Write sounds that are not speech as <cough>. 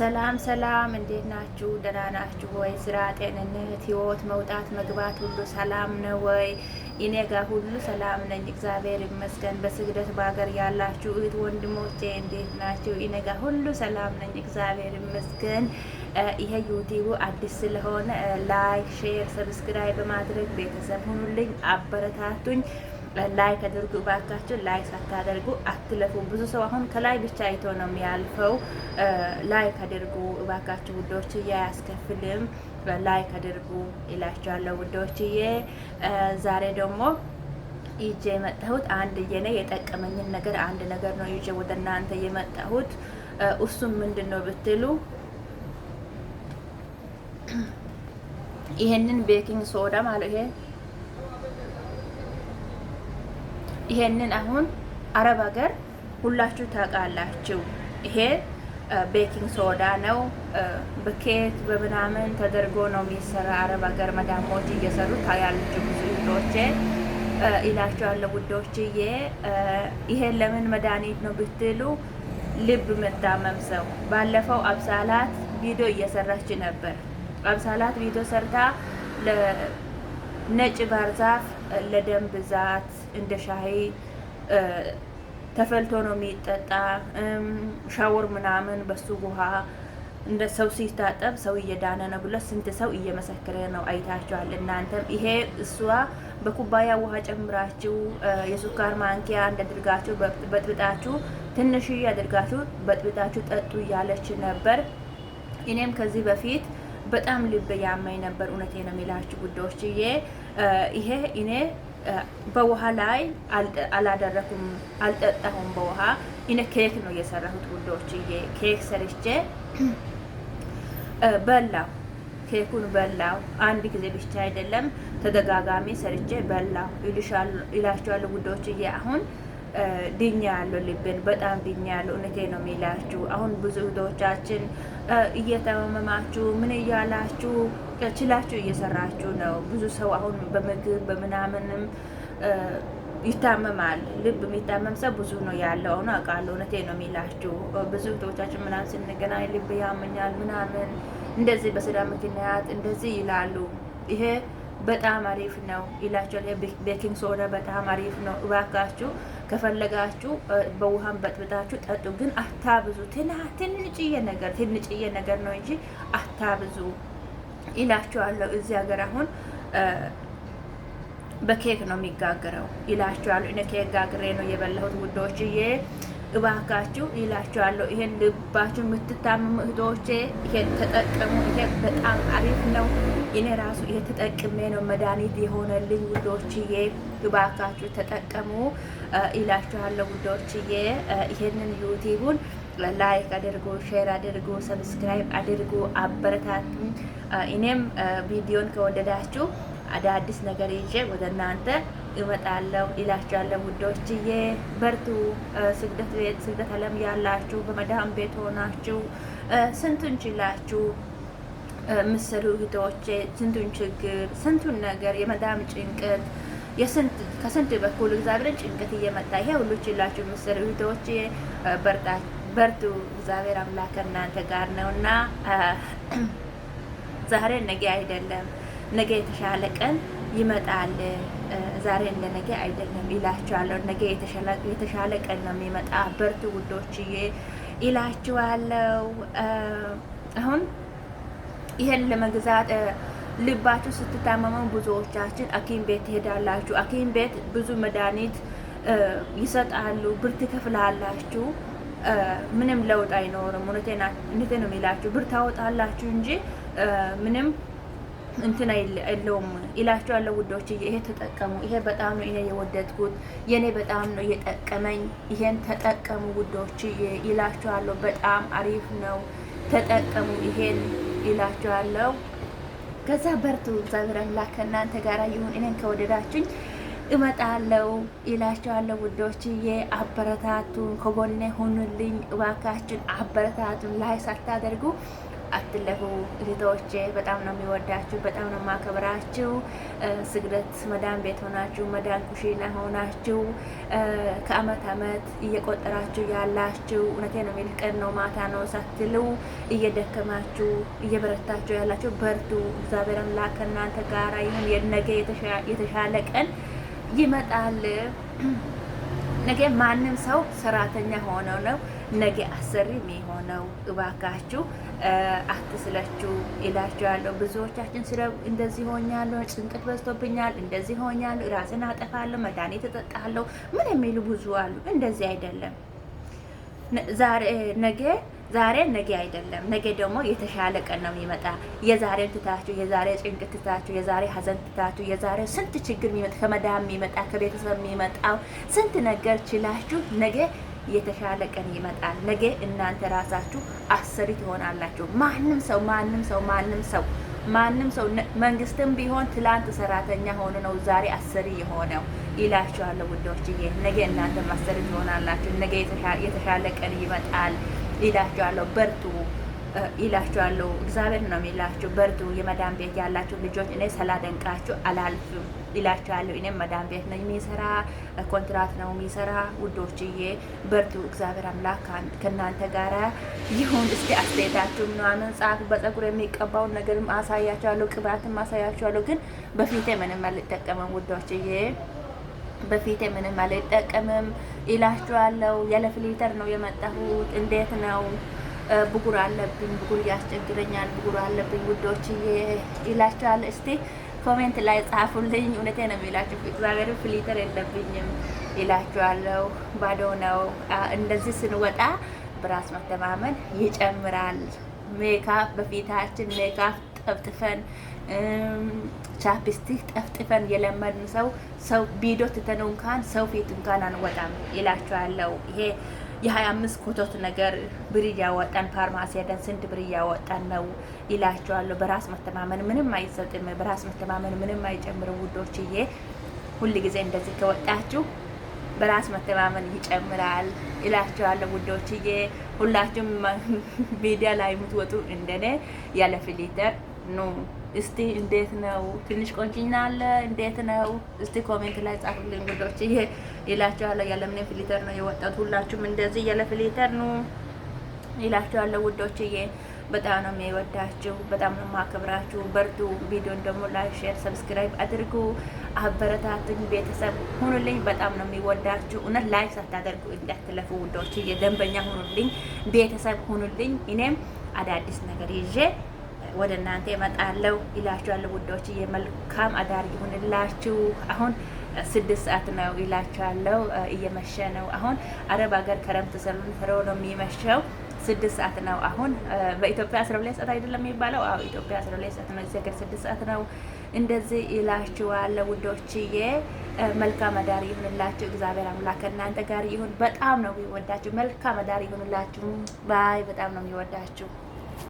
ሰላም ሰላም፣ እንዴት ናችሁ? ደህና ናችሁ ወይ? ስራ፣ ጤንነት፣ ህይወት፣ መውጣት መግባት ሁሉ ሰላም ነው ወይ? እኔ ጋር ሁሉ ሰላም ነኝ፣ እግዚአብሔር ይመስገን። በስግደት በሀገር ያላችሁ እህት ወንድሞቼ እንዴት ናችሁ? እኔ ጋር ሁሉ ሰላም ነኝ፣ እግዚአብሔር ይመስገን። ይሄ ዩቲቡ አዲስ ስለሆነ ላይክ፣ ሼር፣ ሰብስክራይብ በማድረግ ቤተሰብ ሁኑልኝ፣ አበረታቱኝ። ላይክ አድርጉ እባካችሁ። ላይክ ሳታደርጉ አትለፉ። ብዙ ሰው አሁን ከላይ ብቻ አይቶ ነው የሚያልፈው። ላይክ አድርጉ እባካችሁ ውዶችዬ፣ አያስከፍልም። ላይክ አድርጉ ይላችኋለሁ ውዶችዬ። ዛሬ ደግሞ ይዤ የመጣሁት አንድ የኔ የጠቀመኝን ነገር አንድ ነገር ነው ይዤ ወደ እናንተ የመጣሁት። እሱም ምንድን ነው ብትሉ ይሄንን ቤኪንግ ሶዳ ማለት ይሄ ይሄንን አሁን አረብ ሀገር ሁላችሁ ታውቃላችሁ። ይሄ ቤኪንግ ሶዳ ነው። በኬት በምናምን ተደርጎ ነው የሚሰራ። አረብ ሀገር መዳሞች እየሰሩ ታያለች። ብዙ ውዶቼ ይላቸዋለሁ። ውዶችዬ ይሄን ለምን መድኃኒት ነው ብትሉ ልብ መታመም ሰው ባለፈው አብሳላት ቪዲዮ እየሰራች ነበር። አብሳላት ቪዲዮ ሰርታ ለነጭ ባህር ዛፍ ለደም ብዛት እንደ ሻሂ ተፈልቶ ነው የሚጠጣ። ሻወር ምናምን በሱ ውሃ እንደ ሰው ሲታጠብ ሰው እየዳነ ነው ብሎ ስንት ሰው እየመሰከረ ነው አይታችኋል። እናንተም ይሄ እሷ በኩባያ ውሃ ጨምራችሁ የሱካር ማንኪያ እንዳድርጋችሁ በጥብጣችሁ ትንሽ አድርጋችሁ በጥብጣችሁ ጠጡ እያለች ነበር። እኔም ከዚህ በፊት በጣም ልብ ያማኝ ነበር። እውነቴ ነው የሚላችሁ ጉዳዮች ይሄ እኔ በውሃ ላይ አላደረኩም፣ አልጠጣሁም በውሃ እኔ ኬክ ነው የሰራሁት ጉዳዮች ኬክ ሰርቼ በላው። ኬኩን በላው አንድ ጊዜ ብቻ አይደለም፣ ተደጋጋሚ ሰርቼ በላው ይላቸዋለሁ ጉዳዮች አሁን ድኛ ያለው ልብን በጣም ድኛ ያለው እውነቴ ነው የሚላችሁ። አሁን ብዙ እህቶቻችን እየተመማችሁ ምን እያላችሁ ችላችሁ እየሰራችሁ ነው። ብዙ ሰው አሁን በምግብ በምናምንም ይታመማል። ልብ የሚታመም ሰው ብዙ ነው ያለው። አሁን አውቃለሁ። እውነቴ ነው የሚላችሁ። ብዙ እህቶቻችን ምናምን ስንገናኝ ልብ ያመኛል ምናምን እንደዚህ በስራ ምክንያት እንደዚህ ይላሉ። ይሄ በጣም አሪፍ ነው ይላቸዋል። ቤኪንግ ሶዳ በጣም አሪፍ ነው እባካችሁ ከፈለጋችሁ በውሃን በጥብጣችሁ ጠጡ፣ ግን አታብዙ። ትንጭዬ ነገር ትንጭዬ ነገር ነው እንጂ አታብዙ ይላችኋለሁ። እዚህ ሀገር አሁን በኬክ ነው የሚጋግረው ይላችኋለሁ። እኔ ኬክ ጋግሬ ነው የበላሁት ውዶችዬ። እባካችሁ ይላችኋለሁ። ይሄን ልባችሁ የምትታመሙ እህቶቼ ይሄን ተጠቀሙ። ይሄ በጣም አሪፍ ነው። እኔ ራሱ ይሄ ተጠቅሜ ነው መድኃኒት የሆነልኝ። ውዶችዬ እባካችሁ ተጠቀሙ ይላችኋለሁ። ውዶችዬ ይሄንን ዩቲቡን ላይክ አድርጉ፣ ሼር አድርጉ፣ ሰብስክራይብ አድርጉ፣ አበረታቱ። እኔም ቪዲዮን ከወደዳችሁ አዳዲስ ነገር ይዤ ወደ እናንተ እመጣለሁ ይላችኋለሁ። ውዶችዬ በርቱ። ስግደት ቤት ስግደት አለም ያላችሁ በመዳም ቤት ሆናችሁ ስንቱን ችላችሁ ምስሉ እህቶቼ፣ ስንቱን ችግር ስንቱን ነገር የመዳም ጭንቀት ከስንት በኩል እግዚአብሔርን ጭንቀት እየመጣ ይሄ ሁሉ ችላችሁ ምስሉ እህቶቼ በርቱ። እግዚአብሔር አምላክ ከእናንተ ጋር ነውና <clears throat> ዛሬ ነገ አይደለም። ነገ የተሻለ ቀን ይመጣል፣ ዛሬ እንደ ነገ አይደለም ይላችኋለሁ። ነገ የተሻለ ቀን ነው የሚመጣ፣ በርቱ ውዶችዬ ይላችኋለሁ። አሁን ይህን ለመግዛት ልባችሁ ስትታመመው ብዙዎቻችን አኪም ቤት ትሄዳላችሁ። አኪም ቤት ብዙ መድኃኒት ይሰጣሉ፣ ብር ትከፍላላችሁ። ምንም ለውጥ አይኖርም። እውነቴ ነው የሚላችሁ ብር ታወጣላችሁ እንጂ ምንም እንትን የለውም ይላቸዋለሁ። ውዶች ይሄ ተጠቀሙ። ይሄ በጣም ነው እኔ የወደድኩት፣ የኔ በጣም ነው የጠቀመኝ። ይሄን ተጠቀሙ ውዶች ይላቸዋለሁ። በጣም አሪፍ ነው፣ ተጠቀሙ ይሄን ይላቸዋለሁ። ከዛ በርቱ፣ እግዚአብሔር አምላክ ከእናንተ ጋር ይሁን። እኔን ከወደዳችሁኝ እመጣለሁ ይላቸዋለሁ። ውዶች የአበረታቱን፣ ከጎኔ ሆኑልኝ እባካችን፣ አበረታቱን ላይ ሳታደርጉ አትለፉ እህቶቼ። በጣም ነው የሚወዳችሁ፣ በጣም ነው የማከብራችሁ። ስግደት መዳን ቤት ሆናችሁ፣ መዳን ኩሽና ሆናችሁ ከአመት አመት እየቆጠራችሁ ያላችሁ እውነቴ ነው። የሚል ቀን ነው ማታ ነው ሳትሉ እየደከማችሁ እየበረታችሁ ያላችሁ በርቱ። እግዚአብሔር አምላክ ከእናንተ ጋራ ይሁን። የነገ የተሻለ ቀን ይመጣል። ነገ ማንም ሰው ሰራተኛ ሆኖ ነው ነገ አሰሪ የሚሆነው። እባካችሁ አትስለችው ይላችኋለሁ። ብዙዎቻችን ስለ እንደዚህ ሆኛለሁ፣ ጭንቀት በዝቶብኛል፣ እንደዚህ ሆኛለሁ፣ ራስን አጠፋለሁ፣ መድኃኒት እጠጣለሁ፣ ምን የሚሉ ብዙ አሉ። እንደዚህ አይደለም ዛሬ ነገ ዛሬ ነገ አይደለም፣ ነገ ደግሞ የተሻለ ቀን ነው የሚመጣ። የዛሬን ትታችሁ፣ የዛሬ ጭንቅ ትታችሁ፣ የዛሬ ሀዘን ትታችሁ፣ የዛሬ ስንት ችግር የሚመጣ ከመዳ የሚመጣ ከቤተሰብ የሚመጣው ስንት ነገር ችላችሁ፣ ነገ የተሻለ ቀን ይመጣል። ነገ እናንተ ራሳችሁ አሰሪ ትሆናላችሁ። ማንም ሰው ማንም ሰው ማንም ሰው ማንም ሰው መንግስትም ቢሆን ትላንት ሰራተኛ ሆኖ ነው ዛሬ አሰሪ የሆነው ይላችኋለሁ ይሄ ነገ እናንተ ማሰሪ ትሆናላችሁ። ነገ የተሻለ ቀን ይመጣል። ይላችኋለሁ። በርቱ ይላችኋለሁ። እግዚአብሔር ነው የሚላችሁ። በርቱ የመዳን ቤት ያላችሁ ልጆች፣ እኔ ሳላደንቃችሁ አላልፍም ይላችኋለሁ። እኔም መዳን ቤት ነው የሚሰራ ኮንትራት ነው የሚሰራ። ውዶችዬ በርቱ፣ እግዚአብሔር አምላክ ከእናንተ ጋር ይሁን። እስቲ አስተያየታችሁ ምናምን ጻፉ። በጸጉር የሚቀባውን ነገርም አሳያችኋለሁ፣ ቅባትም አሳያችኋለሁ። ግን በፊቴ ምንም አልጠቀምም ውዶችዬ በፊት ምንም አልጠቀምም ይላችኋለሁ። ያለ ፍሊተር ነው የመጣሁት። እንዴት ነው ብጉር አለብኝ፣ ብጉር ያስቸግረኛል፣ ብጉር አለብኝ ውዶች ይላችኋል። እስቲ ኮሜንት ላይ ጻፉልኝ። እውነቴ ነው የሚላችሁ እግዚአብሔር ፍሊተር የለብኝም ይላችኋለሁ። ባዶ ነው። እንደዚህ ስንወጣ በራስ መተማመን ይጨምራል። ሜካፕ በፊታችን ሜካፕ ጠፍጥፈን ቻፕስቲክ ጠፍጥፈን የለመድን ሰው ሰው ቢዶ ትተነው እንኳን ሰው ፊት እንኳን አንወጣም ይላቸዋለው። ይሄ የሀያ አምስት ኮቶት ነገር ብር እያወጣን ፋርማሲ ሄደን ስንት ብር እያወጣን ነው ይላቸዋለሁ። በራስ መተማመን ምንም አይሰጥም። በራስ መተማመን ምንም አይጨምርም ውዶችዬ። ሁል ጊዜ እንደዚህ ከወጣችሁ በራስ መተማመን ይጨምራል ይላቸዋለሁ ውዶችዬ። ሁላችሁም <laughs> ሚዲያ ላይ የምትወጡ እንደኔ ያለ ፊልተር ኖ እስቲ እንዴት ነው ትንሽ ቆንጭኛ አለ እንዴት ነው እስቲ ኮሜንት ላይ ጻፉልኝ ጉዶች ይላችኋለሁ፣ ያለምንም ፊልተር ነው የወጣት ሁላችሁም እንደዚህ ያለ ፊልተር ነው ይላቸዋለሁ ይሄ በጣም ነው የሚወዳችሁ፣ በጣም ነው የማከብራችሁ። በርቱ። ቪዲዮን ደግሞ ላይክ፣ ሼር፣ ሰብስክራይብ አድርጉ። አበረታቱኝ፣ ቤተሰብ ሁኑልኝ። በጣም ነው የሚወዳችሁ። እውነት ላይክ ሳታደርጉ እንዳትለፉ ይሄ ደንበኛ ሁኑልኝ፣ ቤተሰብ ሁኑልኝ። እኔም አዳዲስ ነገር ይዤ ወደ እናንተ እመጣለሁ ይላችኋለሁ። ውዶች መልካም አዳር ይሁንላችሁ። አሁን ስድስት ሰዓት ነው ይላችኋለሁ። እየመሸ ነው አሁን። አረብ ሀገር ክረምት ስለሆነ ነው የሚመሸው። ስድስት ሰዓት ነው አሁን። በኢትዮጵያ አስራ ሁለት ሰዓት አይደለም የሚባለው? አዎ ኢትዮጵያ አስራ ሁለት ሰዓት ነው። እዚህ ሀገር ስድስት ሰዓት ነው። እንደዚህ ይላችኋለሁ ውዶችዬ። መልካም አዳር ይሁንላችሁ። እግዚአብሔር አምላክ እናንተ ጋር ይሁን። በጣም ነው የሚወዳችሁ። መልካም አዳር ይሁንላችሁ። ባይ። በጣም ነው የሚወዳችሁ።